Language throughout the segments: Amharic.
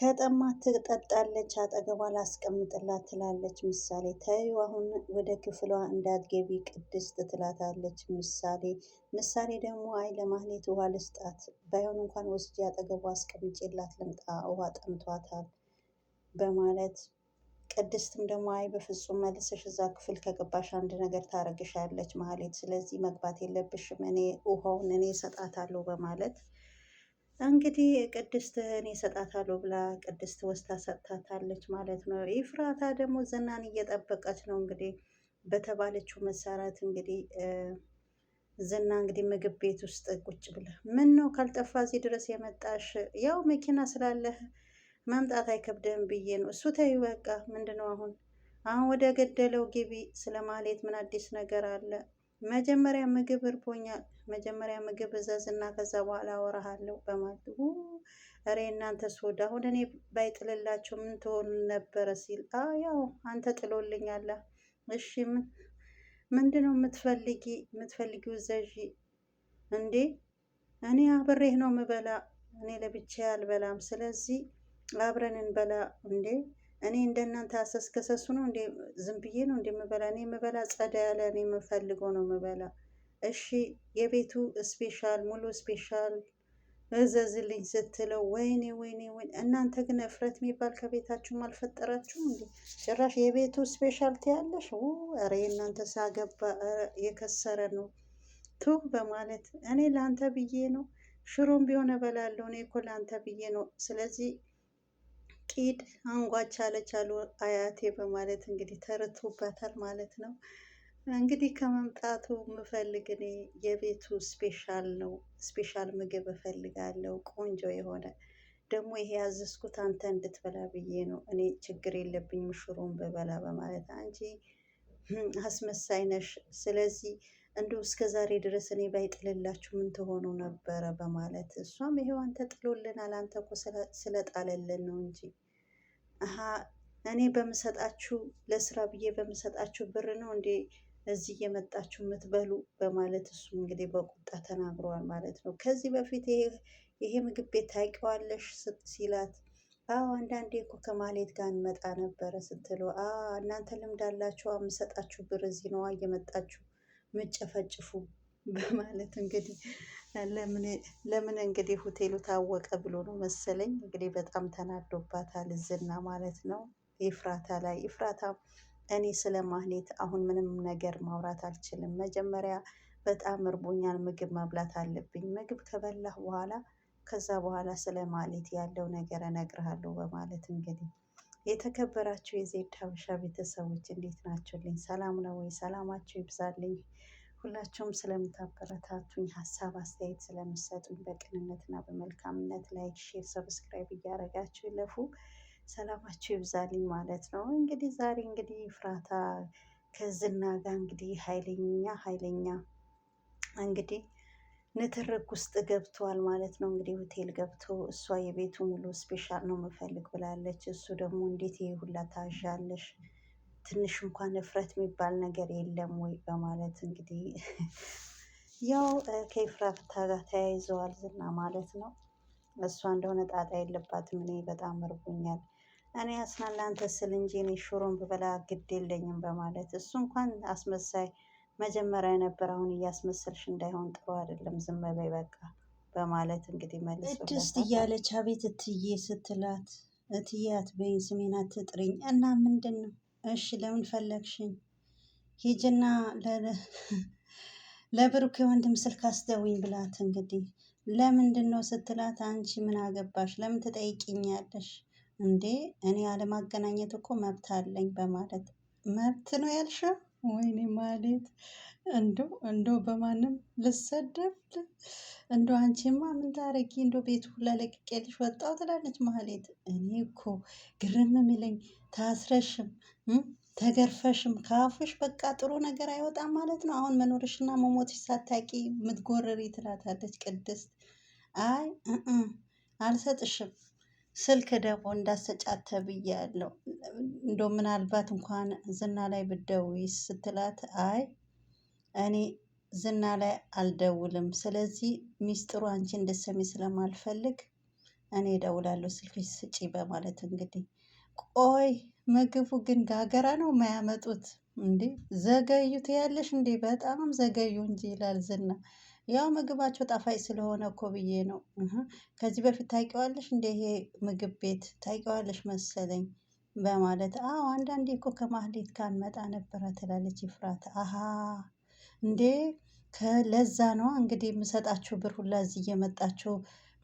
ከጠማ ትጠጣለች፣ አጠገቧ ላስቀምጥላት ትላለች ምሳሌ። ተዩ አሁን ወደ ክፍሏ እንዳትገቢ ቅድስት ትላታለች ምሳሌ። ምሳሌ ደግሞ አይ ለማህሌት ውሃ ልስጣት፣ ባይሆን እንኳን ወስጄ አጠገቧ አስቀምጬላት ልምጣ፣ ውሃ ጠምቷታል በማለት ቅድስትም ደግሞ አይ በፍጹም መልሰሽ እዛ ክፍል ከገባሽ አንድ ነገር ታረግሻለች ማህሌት፣ ስለዚህ መግባት የለብሽም እኔ ውሃውን እኔ እሰጣታለሁ በማለት እንግዲህ ቅድስትን እሰጣታለሁ ብላ ቅድስት ወስታ ሰጥታታለች ማለት ነው። ፍርሃታ ደግሞ ዝናን እየጠበቀች ነው እንግዲህ በተባለችው መሰረት እንግዲህ ዝና እንግዲህ ምግብ ቤት ውስጥ ቁጭ ብለ ምን ነው ካልጠፋ እዚህ ድረስ የመጣሽ? ያው መኪና ስላለህ መምጣት አይከብድህም ብዬ ነው። እሱ ተይ በቃ ምንድን ነው አሁን አሁን ወደ ገደለው ግቢ። ስለ ምን አዲስ ነገር አለ? መጀመሪያ ምግብ እርቦኛል መጀመሪያ ምግብ እና ከዛ በኋላ አወራሃለሁ በማለት እሬ እናንተ ሶድ አሁን እኔ ባይጥልላቸው ምን ትሆኑ ነበረ ሲል ያው አንተ ጥሎልኛለ። እሺ ምንድን ነው የምትፈልጊ? የምትፈልጊው ዘዢ እንዴ? እኔ አብሬህ ነው ምበላ። እኔ ለብቻ አልበላም። ስለዚህ አብረን እንበላ። እንዴ እኔ እንደናንተ አሰስከሰሱ ነው እንዴ? ዝም ብዬ ነው እንዴ ምበላ? እኔ ምበላ ጸዳ ያለ እኔ የምፈልገው ነው ምበላ እሺ የቤቱ ስፔሻል ሙሉ ስፔሻል እዘዝልኝ ስትለው ወይኔ ወይኔ ወይኔ እናንተ ግን እፍረት የሚባል ከቤታችሁም አልፈጠራችሁም እንዴ? ጭራሽ የቤቱ ስፔሻል ትያለሽ? ኧረ እናንተ ሳገባ የከሰረ ነው ቱ በማለት እኔ ለአንተ ብዬ ነው ሽሮም ቢሆን እበላለሁ። እኔ እኮ ለአንተ ብዬ ነው። ስለዚህ ቂድ አንጓች አለች አሉ አያቴ በማለት እንግዲህ ተርቶባታል ማለት ነው። እንግዲህ ከመምጣቱ የምፈልግ እኔ የቤቱ ስፔሻል ነው። ስፔሻል ምግብ እፈልጋለሁ ቆንጆ የሆነ ደግሞ ይሄ ያዘዝኩት አንተ እንድትበላ ብዬ ነው። እኔ ችግር የለብኝም ሽሮን በበላ በማለት አንቺ አስመሳይ ነሽ። ስለዚህ እንዲሁ እስከ ዛሬ ድረስ እኔ ባይጥልላችሁ ምን ትሆኑ ነበረ? በማለት እሷም ይሄው አንተ ጥሎልናል፣ አንተ እኮ ስለጣለልን ነው እንጂ እኔ በምሰጣችሁ ለስራ ብዬ በምሰጣችሁ ብር ነው እንዴ እዚህ የመጣችሁ የምትበሉ በማለት እሱም እንግዲህ በቁጣ ተናግሯል ማለት ነው። ከዚህ በፊት ይሄ ምግብ ቤት ታውቂዋለሽ ሲላት፣ አዎ አንዳንዴ እኮ ከማሌት ጋር እንመጣ ነበረ ስትለው፣ እናንተ ልምድ አላችሁ የምሰጣችሁ ብር እዚህ ነዋ እየመጣችሁ ምጨፈጭፉ በማለት እንግዲህ ለምን እንግዲህ ሆቴሉ ታወቀ ብሎ ነው መሰለኝ እንግዲህ በጣም ተናዶባታል ዝና ማለት ነው። ኤፍራታ ላይ ኤፍራታ እኔ ስለ ማህሌት አሁን ምንም ነገር ማውራት አልችልም። መጀመሪያ በጣም እርቦኛል፣ ምግብ መብላት አለብኝ። ምግብ ከበላህ በኋላ ከዛ በኋላ ስለ ማህሌት ያለው ነገር እነግርሃለሁ በማለት እንግዲህ የተከበራችሁ የዜድ ሀበሻ ቤተሰቦች እንዴት ናችሁልኝ? ሰላም ነው ወይ? ሰላማችሁ ይብዛልኝ። ሁላችሁም ስለምታበረታቱኝ፣ ሀሳብ አስተያየት ስለምሰጡኝ በቅንነትና በመልካምነት ላይክ፣ ሼር፣ ሰብስክራይብ እያደረጋችሁ ይለፉ ሰላማቸው ይብዛልኝ ማለት ነው። እንግዲህ ዛሬ እንግዲህ ፍራታ ከዝና ጋር እንግዲህ ኃይለኛ ኃይለኛ እንግዲህ ንትርክ ውስጥ ገብተዋል ማለት ነው። እንግዲህ ሆቴል ገብቶ እሷ የቤቱ ሙሉ ስፔሻል ነው የምፈልግ ብላለች። እሱ ደግሞ እንዴት ይሄ ሁላ ታዣለሽ? ትንሽ እንኳን እፍረት የሚባል ነገር የለም ወይ በማለት እንግዲህ ያው ከኤፍራታ ጋር ተያይዘዋል ዝና ማለት ነው። እሷ እንደሆነ ጣጣ የለባትም። እኔ በጣም እርቦኛል እኔ አስና ለአንተ ስል እንጂ እኔ ሽሮን ብበላ ግድ የለኝም በማለት እሱ እንኳን አስመሳይ መጀመሪያ ነበር። አሁን እያስመሰልሽ እንዳይሆን ጥሩ አይደለም፣ ዝም በይ በቃ በማለት እንግዲህ መልሶ ቅድስት እያለች አቤት እትዬ ስትላት እትዬ አትበይኝ፣ ስሜን አትጥሪኝ እና ምንድን ነው እሺ፣ ለምን ፈለግሽኝ? ሂጅና ለብሩክ የወንድ ስልክ አስደውኝ ብላት እንግዲህ ለምንድን ነው ስትላት፣ አንቺ ምን አገባሽ? ለምን ትጠይቅኛለሽ? እንዴ እኔ አለማገናኘት እኮ መብት አለኝ በማለት መብት ነው ያልሽው? ወይኔ ማለት እንደው እንደው በማንም ልሰደብ እንደው አንቺማ ምን ታረጊ እንደው ቤት ሁላ ለቅቄልሽ ወጣሁ ትላለች ማለት። እኔ እኮ ግርም የሚለኝ ታስረሽም ተገርፈሽም ከአፍሽ በቃ ጥሩ ነገር አይወጣም ማለት ነው። አሁን መኖርሽና መሞትሽ ሳታቂ ምትጎረሪ ትላታለች ቅድስት። አይ አልሰጥሽም ስልክ ደግሞ እንዳትሰጫት ተብያለሁ። እንደው ምናልባት እንኳን ዝና ላይ ብትደውይ ስትላት አይ እኔ ዝና ላይ አልደውልም፣ ስለዚህ ሚስጥሩ አንቺ እንድትሰሚ ስለማልፈልግ እኔ እደውላለሁ ስልክሽ ስጪ በማለት እንግዲህ ቆይ ምግቡ ግን ጋገራ ነው የማያመጡት እንዴ ዘገዩ ትያለሽ እንዴ? በጣም ዘገዩ እንጂ ይላል ዝና። ያው ምግባቸው ጣፋጭ ስለሆነ እኮ ብዬ ነው። ከዚህ በፊት ታውቂዋለሽ እንዴ ይሄ ምግብ ቤት ታውቂዋለሽ መሰለኝ በማለት አዎ፣ አንዳንዴ እኮ ከማህሌት ካንመጣ ነበረ ትላለች ይፍራት። አሀ እንዴ ከለዛ ነው እንግዲህ የምሰጣችሁ ብር ሁላ እዚህ እየመጣችሁ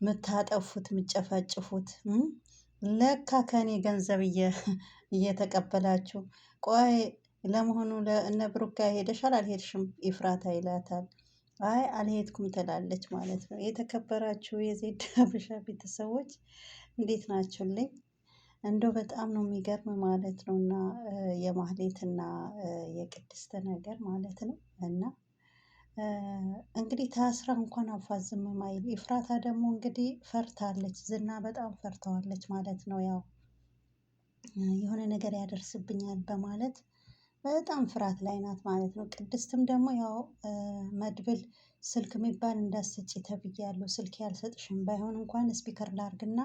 ምታጠፉት ምጨፈጭፉት ለካ ከኔ ገንዘብ እየተቀበላችሁ ቆይ ለመሆኑ ለእነ ብሩክ ጋር ሄደሻል አልሄድሽም? ኢፍራታ ይላታል። አይ አልሄድኩም ትላለች ማለት ነው። የተከበራችሁ የዜድ አበሻ ቤተሰቦች እንዴት ናችሁልኝ? እንደው በጣም ነው የሚገርም ማለት ነው እና የማህሌትና የቅድስት ነገር ማለት ነው እና እንግዲህ ታስራ እንኳን አፋዝም ማይል ኢፍራታ ደግሞ እንግዲህ ፈርታለች። ዝና በጣም ፈርተዋለች ማለት ነው። ያው የሆነ ነገር ያደርስብኛል በማለት በጣም ፍርሃት ላይ ናት ማለት ነው። ቅድስትም ደግሞ ያው መድብል ስልክ የሚባል እንዳትሰጪ ተብያለሁ ስልክ ያልሰጥሽም ባይሆን እንኳን ስፒከር ላርግና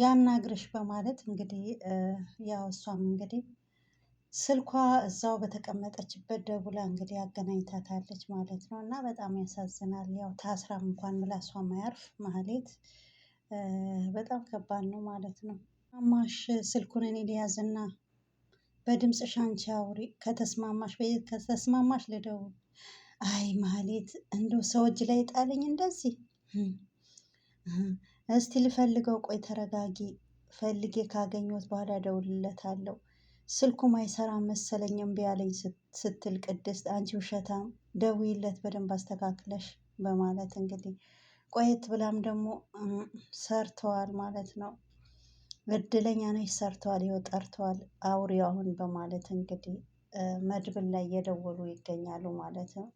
ያናግርሽ በማለት እንግዲህ ያው እሷም እንግዲህ ስልኳ እዛው በተቀመጠችበት ደውላ እንግዲህ አገናኝታታለች ማለት ነው። እና በጣም ያሳዝናል። ያው ታስራም እንኳን ምላሷ ማያርፍ ማህሌት በጣም ከባድ ነው ማለት ነው። አማሽ ስልኩን እኔ ሊያዝና በድምፅ ሻንቻውሪ አውሪ ከተስማማሽ ከተስማማሽ ልደውል። አይ ማህሌት እንደው ሰው እጅ ላይ ጣለኝ እንደዚህ። እስቲ ልፈልገው፣ ቆይ ተረጋጊ፣ ፈልጌ ካገኘሁት በኋላ እደውልለታለሁ። ስልኩም አይሰራ መሰለኝ እምቢ አለኝ ስትል ቅድስት፣ አንቺ ውሸታም ደውይለት በደንብ አስተካክለሽ በማለት እንግዲህ ቆየት ብላም ደግሞ ሰርተዋል ማለት ነው። እድለኛ ነች ሰርተዋል ይኸው ጠርተዋል አውሪው አሁን በማለት እንግዲህ መድብል ላይ እየደወሉ ይገኛሉ ማለት ነው።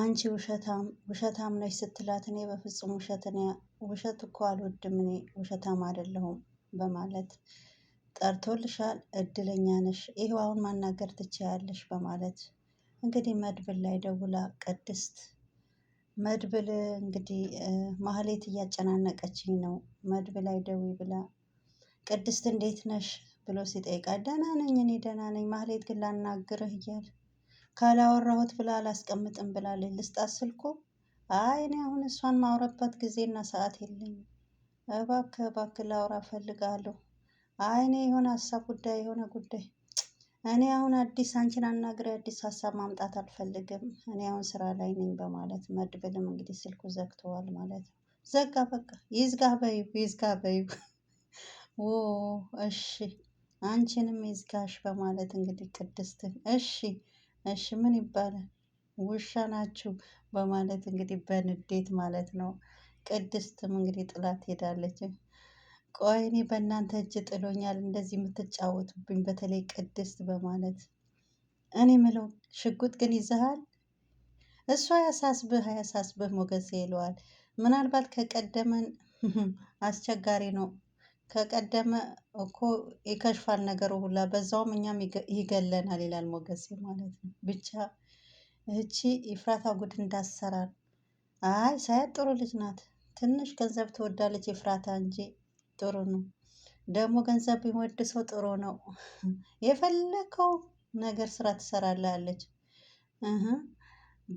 አንቺ ውሸታም ውሸታም ስትላት እኔ በፍጹም ውሸት ውሸት እኮ አልወድም እኔ ውሸታም አይደለሁም በማለት ጠርቶልሻል። እድለኛ ነሽ ይኸው አሁን ማናገር ትችያለሽ በማለት እንግዲህ መድብል ላይ ደውላ ቅድስት መድብል እንግዲህ ማህሌት እያጨናነቀችኝ ነው። መድብል አይደዊ ብላ ቅድስት እንዴት ነሽ ብሎ ሲጠይቃ ደህና ነኝ እኔ ደህና ነኝ፣ ማህሌት ግን ላናግርህ እያል ካላወራሁት ብላ አላስቀምጥም ብላለች። ልስጣት ስልኩ? አይ እኔ አሁን እሷን ማውረባት ጊዜና ሰዓት የለኝ እባክህ እባክህ ላውራ እፈልጋለሁ። አይ እኔ የሆነ ሀሳብ ጉዳይ የሆነ ጉዳይ እኔ አሁን አዲስ አንቺን አናግሬ አዲስ ሀሳብ ማምጣት አልፈልግም እኔ አሁን ስራ ላይ ነኝ በማለት መድብልም እንግዲህ ስልኩ ዘግተዋል ማለት ነው። ዘጋ በቃ ይዝጋ በይው ይዝጋ በይው ዎ እሺ አንቺንም ይዝጋሽ በማለት እንግዲህ ቅድስትን እሺ እሺ ምን ይባላል ውሻ ናችሁ በማለት እንግዲህ በንዴት ማለት ነው። ቅድስትም እንግዲህ ጥላት ሄዳለች። ቆይ እኔ በእናንተ እጅ ጥሎኛል እንደዚህ የምትጫወቱብኝ፣ በተለይ ቅድስት በማለት እኔ ምለው ሽጉጥ ግን ይዘሃል። እሱ አያሳስብህ አያሳስብህ ሞገሴ ይለዋል። ምናልባት ከቀደመን አስቸጋሪ ነው። ከቀደመ እኮ ይከሽፋል ነገሩ ሁላ፣ በዛውም እኛም ይገለናል ይላል ሞገሴ ማለት ነው። ብቻ እቺ የፍራታ ጉድ እንዳሰራል። አይ ሳያት ጥሩ ልጅ ናት። ትንሽ ገንዘብ ትወዳለች የፍራታ እንጂ ጥሩ ነው። ደግሞ ገንዘብ የሚወድ ሰው ጥሩ ነው። የፈለከው ነገር ስራ ትሰራላለች።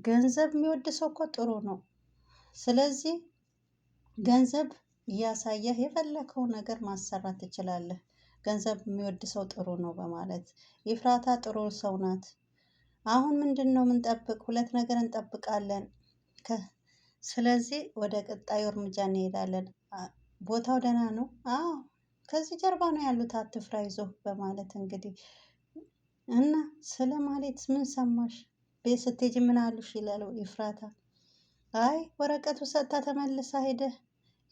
ገንዘብ የሚወድ ሰው እኮ ጥሩ ነው። ስለዚህ ገንዘብ እያሳየህ የፈለከው ነገር ማሰራት ትችላለህ። ገንዘብ የሚወድ ሰው ጥሩ ነው በማለት ኤፍራታ ጥሩ ሰው ናት። አሁን ምንድነው የምንጠብቅ? ሁለት ነገር እንጠብቃለን። ስለዚህ ወደ ቀጣዩ እርምጃ እንሄዳለን። ቦታው ደህና ነው? አዎ ከዚህ ጀርባ ነው ያሉት አትፍራ ይዞ በማለት እንግዲህ እና ስለ ማሌት ምን ሰማሽ? ቤት ስትሄጂ ምን አሉሽ? ይላል ይፍራታ። አይ ወረቀቱ ሰጥታ ተመልሳ ሄደ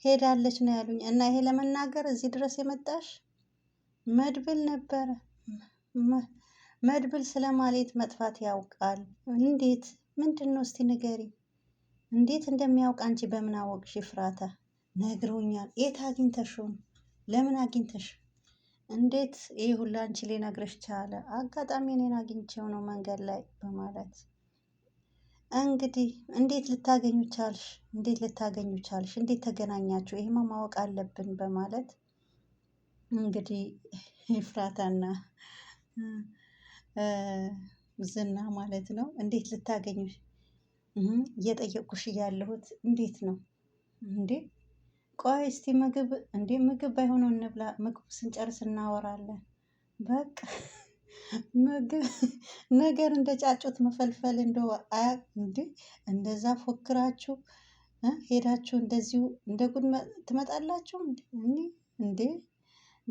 ሄዳለች ነው ያሉኝ። እና ይሄ ለመናገር እዚህ ድረስ የመጣሽ መድብል ነበረ። መድብል ስለ ማሌት መጥፋት ያውቃል። እንዴት? ምንድን ነው እስቲ ንገሪ። እንዴት እንደሚያውቅ አንቺ በምን አወቅሽ? ይፍራታ? ነግሮኛል። የት አግኝተሽውን ለምን አግኝተሽ? እንዴት ይህ ሁሉ አንቺ ሊነግረሽ ቻለ? አጋጣሚ እኔን አግኝቼው ነው መንገድ ላይ በማለት እንግዲህ እንዴት ልታገኙ ቻልሽ? እንዴት ልታገኙ ቻልሽ? እንዴት ተገናኛችሁ? ይህማ ማወቅ አለብን በማለት እንግዲህ ኤፍራታና ዝና ማለት ነው እንዴት ልታገኙ እየጠየቁሽ ያለሁት እንዴት ነው እንዴ ቆይ እስቲ ምግብ እንዴ ምግብ ባይሆን እንብላ፣ ምግብ ስንጨርስ እናወራለን። በቃ ምግብ ነገር እንደ ጫጩት መፈልፈል እንደ እንዴ እንደዛ ፎክራችሁ ሄዳችሁ እንደዚሁ እንደ ጉድ ትመጣላችሁ እንዴ እንዴ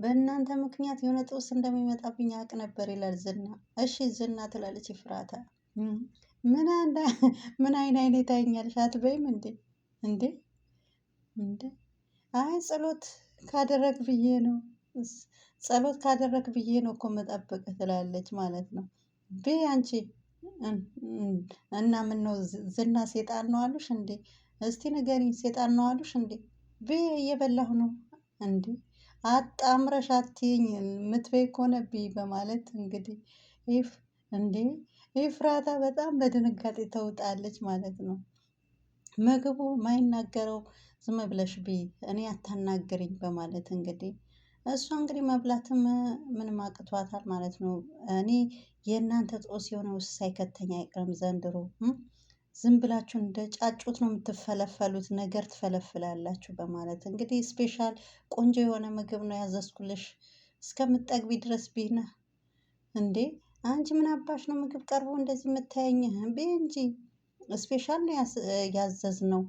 በእናንተ ምክንያት የሆነ ጥውስ እንደሚመጣብኝ አቅ ነበር ይላል ዝና። እሺ ዝና ትላለች ይፍራታ። ምን አንዳ አይነት አይን አይኔ ታይኛለሽ አትበይም እንዴ እንዴ እንዴ አይ ጸሎት ካደረግ ብዬ ነው ጸሎት ካደረግ ብዬ ነው እኮ መጠበቅ ትላለች ማለት ነው። ቤ አንቺ እና ምን ነው ዝና ሴጣን ነው አሉሽ እንዴ? እስቲ ንገሪኝ ሴጣን ነው አሉሽ እንዴ? ቤ እየበላሁ ነው እንዴ? አጣምረሽ አትይኝ ምትበይ ከሆነ ብይ በማለት እንግዲህ ይፍ እንዴ ኤፍራታ በጣም በድንጋጤ ተውጣለች ማለት ነው። ምግቡ ማይናገረው ዝም ብለሽ ብይ እኔ አታናግሪኝ በማለት እንግዲህ እሷ እንግዲህ መብላትም ምንም አቅቷታል ማለት ነው። እኔ የእናንተ ጦስ የሆነ ውስጥ ሳይከተኝ አይቀርም ዘንድሮ ዝም ብላችሁ እንደ ጫጩት ነው የምትፈለፈሉት፣ ነገር ትፈለፍላላችሁ በማለት እንግዲህ ስፔሻል ቆንጆ የሆነ ምግብ ነው ያዘዝኩልሽ እስከምጠግቢ ድረስ ቢና እንዴ አንቺ ምን አባሽ ነው ምግብ ቀርቦ እንደዚህ የምታየኝ? ቤ እንጂ ስፔሻል ያዘዝ ነው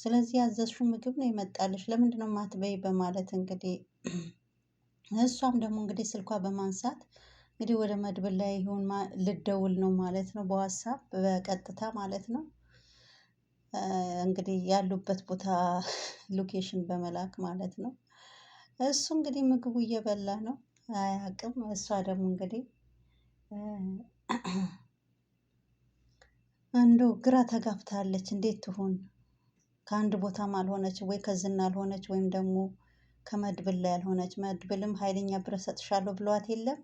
ስለዚህ ያዘዝሽው ምግብ ነው የመጣልሽ፣ ለምንድነው ማትበይ በማለት እንግዲህ እሷም ደግሞ እንግዲህ ስልኳ በማንሳት እንግዲህ ወደ መድብል ላይ ይሁን ልደውል ነው ማለት ነው፣ በዋትሳፕ በቀጥታ ማለት ነው እንግዲህ ያሉበት ቦታ ሎኬሽን በመላክ ማለት ነው። እሱ እንግዲህ ምግቡ እየበላ ነው አያቅም። እሷ ደግሞ እንግዲህ እንደው ግራ ተጋብታለች። እንዴት ትሆን ከአንድ ቦታም አልሆነች ወይ ከዝና አልሆነች ወይም ደግሞ ከመድብል ላይ አልሆነች። መድብልም ኃይለኛ ብረት ሰጥሻለሁ ብለዋት የለም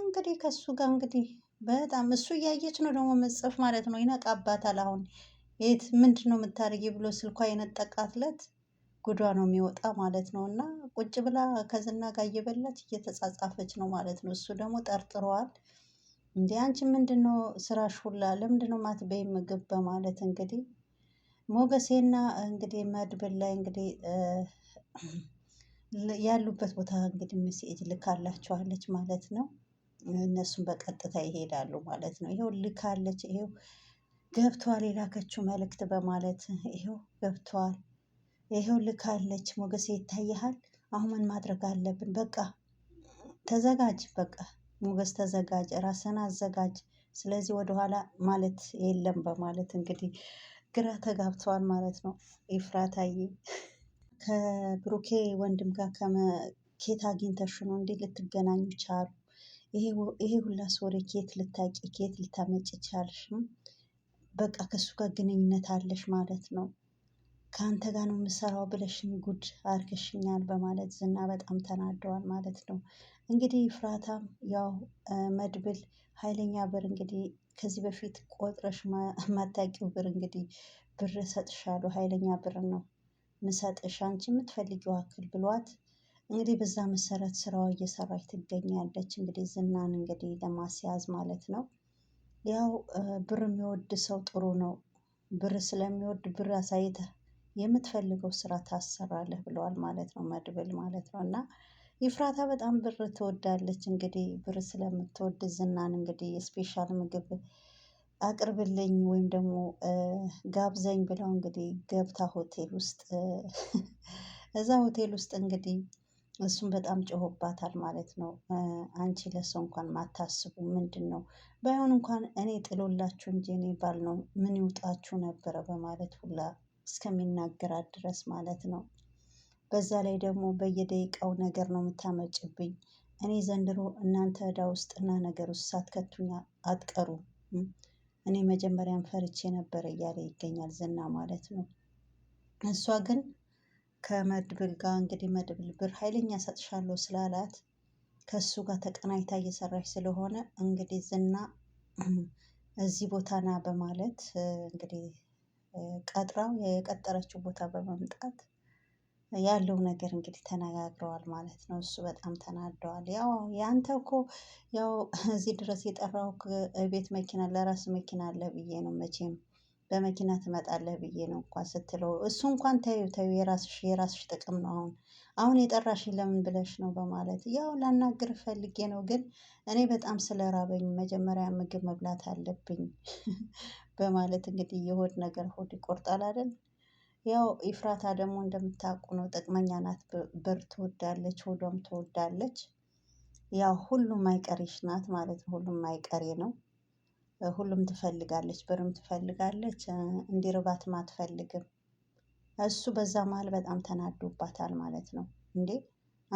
እንግዲህ ከሱ ጋር እንግዲህ በጣም እሱ እያየች ነው ደግሞ መጽፍ ማለት ነው። ይነቃባታል። አሁን የት ምንድን ነው የምታደርጊ ብሎ ስልኳ የነጠቃት ዕለት ጉዷ ነው የሚወጣ ማለት ነው። እና ቁጭ ብላ ከዝና ጋር እየበላች እየተጻጻፈች ነው ማለት ነው። እሱ ደግሞ ጠርጥረዋል። እንዴ አንቺ ምንድን ነው ስራሽ ሁላ ለምንድን ነው ማትበይ ምግብ በማለት እንግዲህ ሞገሴና እንግዲህ መድብል ላይ እንግዲህ ያሉበት ቦታ እንግዲህ ሜሴጅ ልካላቸዋለች ማለት ነው። እነሱም በቀጥታ ይሄዳሉ ማለት ነው። ይሄው ልካለች፣ ይሄው ገብቷል የላከችው መልእክት በማለት ይሄው ገብቷል፣ ይሄው ልካለች። ሞገሴ ይታይሃል፣ አሁን ምን ማድረግ አለብን? በቃ ተዘጋጅ፣ በቃ ሞገስ ተዘጋጅ፣ ራስን አዘጋጅ። ስለዚህ ወደኋላ ማለት የለም በማለት እንግዲህ ግራ ተጋብተዋል ማለት ነው። ኤፍራታዬ ከብሩኬ ወንድም ጋር ከኬት አግኝተሽ ነው እንዴት ልትገናኙ ቻሉ? ይሄ ሁላስ ወሬ ኬት ልታቂ ኬት ልታመጭ ቻልሽም? በቃ ከሱ ጋር ግንኙነት አለሽ ማለት ነው። ከአንተ ጋር ነው የምሰራው ብለሽኝ ጉድ አርገሽኛል በማለት ዝና በጣም ተናደዋል ማለት ነው። እንግዲህ ኤፍራታም ያው መድብል ኃይለኛ ብር እንግዲህ ከዚህ በፊት ቆጥረሽ ማታቂው ብር እንግዲህ ብር እሰጥሻለሁ ኃይለኛ ብር ነው ምሰጥሽ አንቺ የምትፈልጊው አክል ብሏት እንግዲህ በዛ መሰረት ስራዋ እየሰራች ትገኛለች። እንግዲህ ዝናን እንግዲህ ለማስያዝ ማለት ነው። ያው ብር የሚወድ ሰው ጥሩ ነው። ብር ስለሚወድ ብር አሳይተህ የምትፈልገው ስራ ታሰራለህ ብለዋል ማለት ነው መድብል ማለት ነው እና ይፍራታ በጣም ብር ትወዳለች። እንግዲህ ብር ስለምትወድ ዝናን እንግዲህ የስፔሻል ምግብ አቅርብልኝ ወይም ደግሞ ጋብዘኝ ብለው እንግዲህ ገብታ ሆቴል ውስጥ እዛ ሆቴል ውስጥ እንግዲህ እሱም በጣም ጮሆባታል ማለት ነው። አንቺ ለሰው እንኳን ማታስቡ ምንድን ነው? ባይሆን እንኳን እኔ ጥሎላችሁ እንጂ እኔ ባልነው ምን ይውጣችሁ ነበረ በማለት ሁላ እስከሚናገራት ድረስ ማለት ነው በዛ ላይ ደግሞ በየደቂቃው ነገር ነው የምታመጭብኝ። እኔ ዘንድሮ እናንተ እዳ ውስጥና ነገር ውስጥ ሳትከቱኝ አትቀሩ። እኔ መጀመሪያም ፈርቼ ነበር እያለ ይገኛል ዝና ማለት ነው። እሷ ግን ከመድብል ጋር እንግዲህ መድብል ብር ኃይለኛ ሰጥሻለሁ ስላላት ከእሱ ጋር ተቀናይታ እየሰራች ስለሆነ እንግዲህ ዝና እዚህ ና በማለት እንግዲህ ቀጥራው የቀጠረችው ቦታ በመምጣት ያለው ነገር እንግዲህ ተነጋግረዋል ማለት ነው። እሱ በጣም ተናደዋል። ያው ያንተ እኮ ያው እዚህ ድረስ የጠራው ቤት መኪና ለራስ መኪና አለ ብዬ ነው መቼም በመኪና ትመጣለህ ብዬ ነው እንኳን ስትለው እሱ እንኳን ተዩ ተዩ የራስሽ የራስሽ ጥቅም ነው አሁን አሁን የጠራሽኝ ለምን ብለሽ ነው በማለት ያው ላናግርህ ፈልጌ ነው ግን እኔ በጣም ስለራበኝ መጀመሪያ ምግብ መብላት አለብኝ። በማለት እንግዲህ የሆድ ነገር ሆድ ይቆርጣል አይደል ያው ይፍራታ ደግሞ እንደምታውቁ ነው ጥቅመኛ ናት። ብር ትወዳለች፣ ሆዷም ትወዳለች። ያው ሁሉም አይቀሬሽ ናት ማለት ነው። ሁሉም አይቀሬ ነው። ሁሉም ትፈልጋለች፣ ብርም ትፈልጋለች፣ እንዲርባትም አትፈልግም። እሱ በዛ መሀል በጣም ተናዶባታል ማለት ነው። እንዴ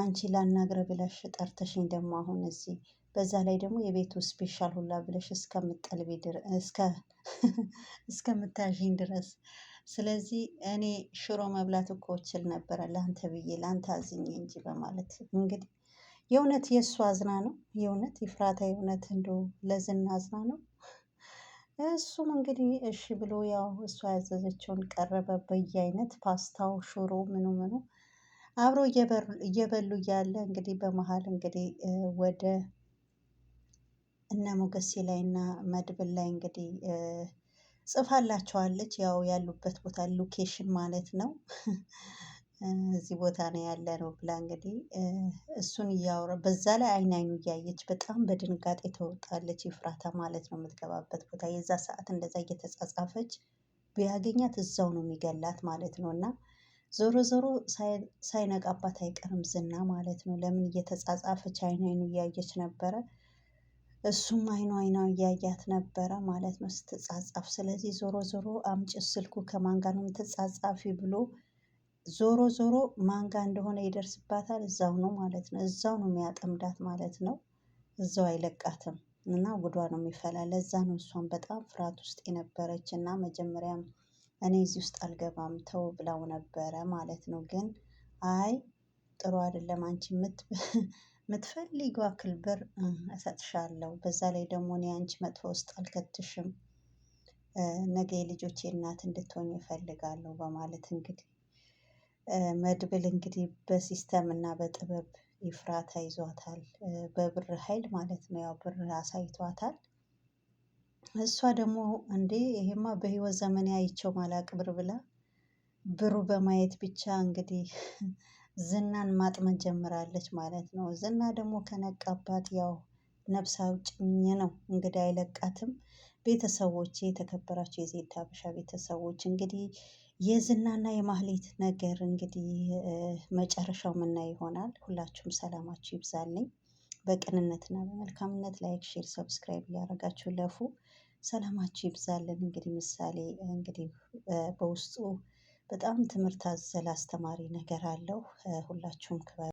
አንቺ ላናግረ ብለሽ ጠርተሽኝ ደግሞ አሁን እዚህ በዛ ላይ ደግሞ የቤቱ ስፔሻል ሁላ ብለሽ እስከምጠልቤ ድረስ እስከምታዥኝ ድረስ ስለዚህ እኔ ሽሮ መብላት እኮ እችል ነበረ ለአንተ ብዬ ለአንተ አዝኜ እንጂ በማለት እንግዲህ የእውነት የእሱ አዝና ነው የእውነት ይፍራታ የእውነት እንዶ ለዝና አዝና ነው። እሱም እንግዲህ እሺ ብሎ ያው እሷ ያዘዘችውን ቀረበ። በየአይነት ፓስታው፣ ሽሮ ምኑ ምኑ አብሮ እየበሉ እያለ እንግዲህ በመሀል እንግዲህ ወደ እነ ሞገሴ ላይ እና መድብል ላይ እንግዲህ ጽፋላቸዋለች። ያው ያሉበት ቦታ ሎኬሽን ማለት ነው። እዚህ ቦታ ነው ያለ ነው ብላ እንግዲህ እሱን እያወራ በዛ ላይ አይን አይኑ እያየች በጣም በድንጋጤ ተወጣለች። ይፍራታ ማለት ነው የምትገባበት ቦታ የዛ ሰዓት እንደዛ እየተጻጻፈች ቢያገኛት እዛው ነው የሚገላት ማለት ነው። እና ዞሮ ዞሮ ሳይነቃባት አይቀርም ዝና ማለት ነው። ለምን እየተጻጻፈች አይን አይኑ እያየች ነበረ። እሱም አይኑ አይናው እያያት ነበረ ማለት ነው ስትጻጻፍ። ስለዚህ ዞሮ ዞሮ አምጭ ስልኩ ከማን ጋር ነው የምትጻጻፊ ብሎ ዞሮ ዞሮ ማንጋ እንደሆነ ይደርስባታል። እዛው ነው ማለት ነው። እዛው ነው የሚያጠምዳት ማለት ነው። እዛው አይለቃትም እና ውዷ ነው የሚፈላ። ለዛ ነው እሷን በጣም ፍርሃት ውስጥ የነበረች እና መጀመሪያም እኔ እዚህ ውስጥ አልገባም ተው ብላው ነበረ ማለት ነው። ግን አይ ጥሩ አይደለም አንቺ የምትፈልጊው አክል ብር እሰጥሻለሁ። በዛ ላይ ደግሞ እኔ አንቺ መጥፎ ውስጥ አልከትሽም። ነገ የልጆቼ እናት እንድትሆኝ እፈልጋለሁ በማለት እንግዲህ መድብል እንግዲህ በሲስተም እና በጥበብ ይፍራታ ይዟታል። በብር ኃይል ማለት ነው። ያው ብር አሳይቷታል። እሷ ደግሞ እንዴ ይሄማ በህይወት ዘመን አይቼው ማላቅ ብር ብላ ብሩ በማየት ብቻ እንግዲህ ዝናን ማጥመን ጀምራለች ማለት ነው። ዝና ደግሞ ከነቃባት ያው ነፍስ አውጭኝ ነው እንግዲህ አይለቃትም። ቤተሰቦች የተከበራቸው የዜድ ሀበሻ ቤተሰቦች እንግዲህ የዝናና የማህሌት ነገር እንግዲህ መጨረሻው ምና ይሆናል? ሁላችሁም ሰላማችሁ ይብዛልኝ። በቅንነትና በመልካምነት ላይክ፣ ሼር፣ ሰብስክራይብ እያደረጋችሁ ለፉ ሰላማችሁ ይብዛልን። እንግዲህ ምሳሌ እንግዲህ በውስጡ በጣም ትምህርት አዘል አስተማሪ ነገር አለው። ሁላችሁም ክበሩ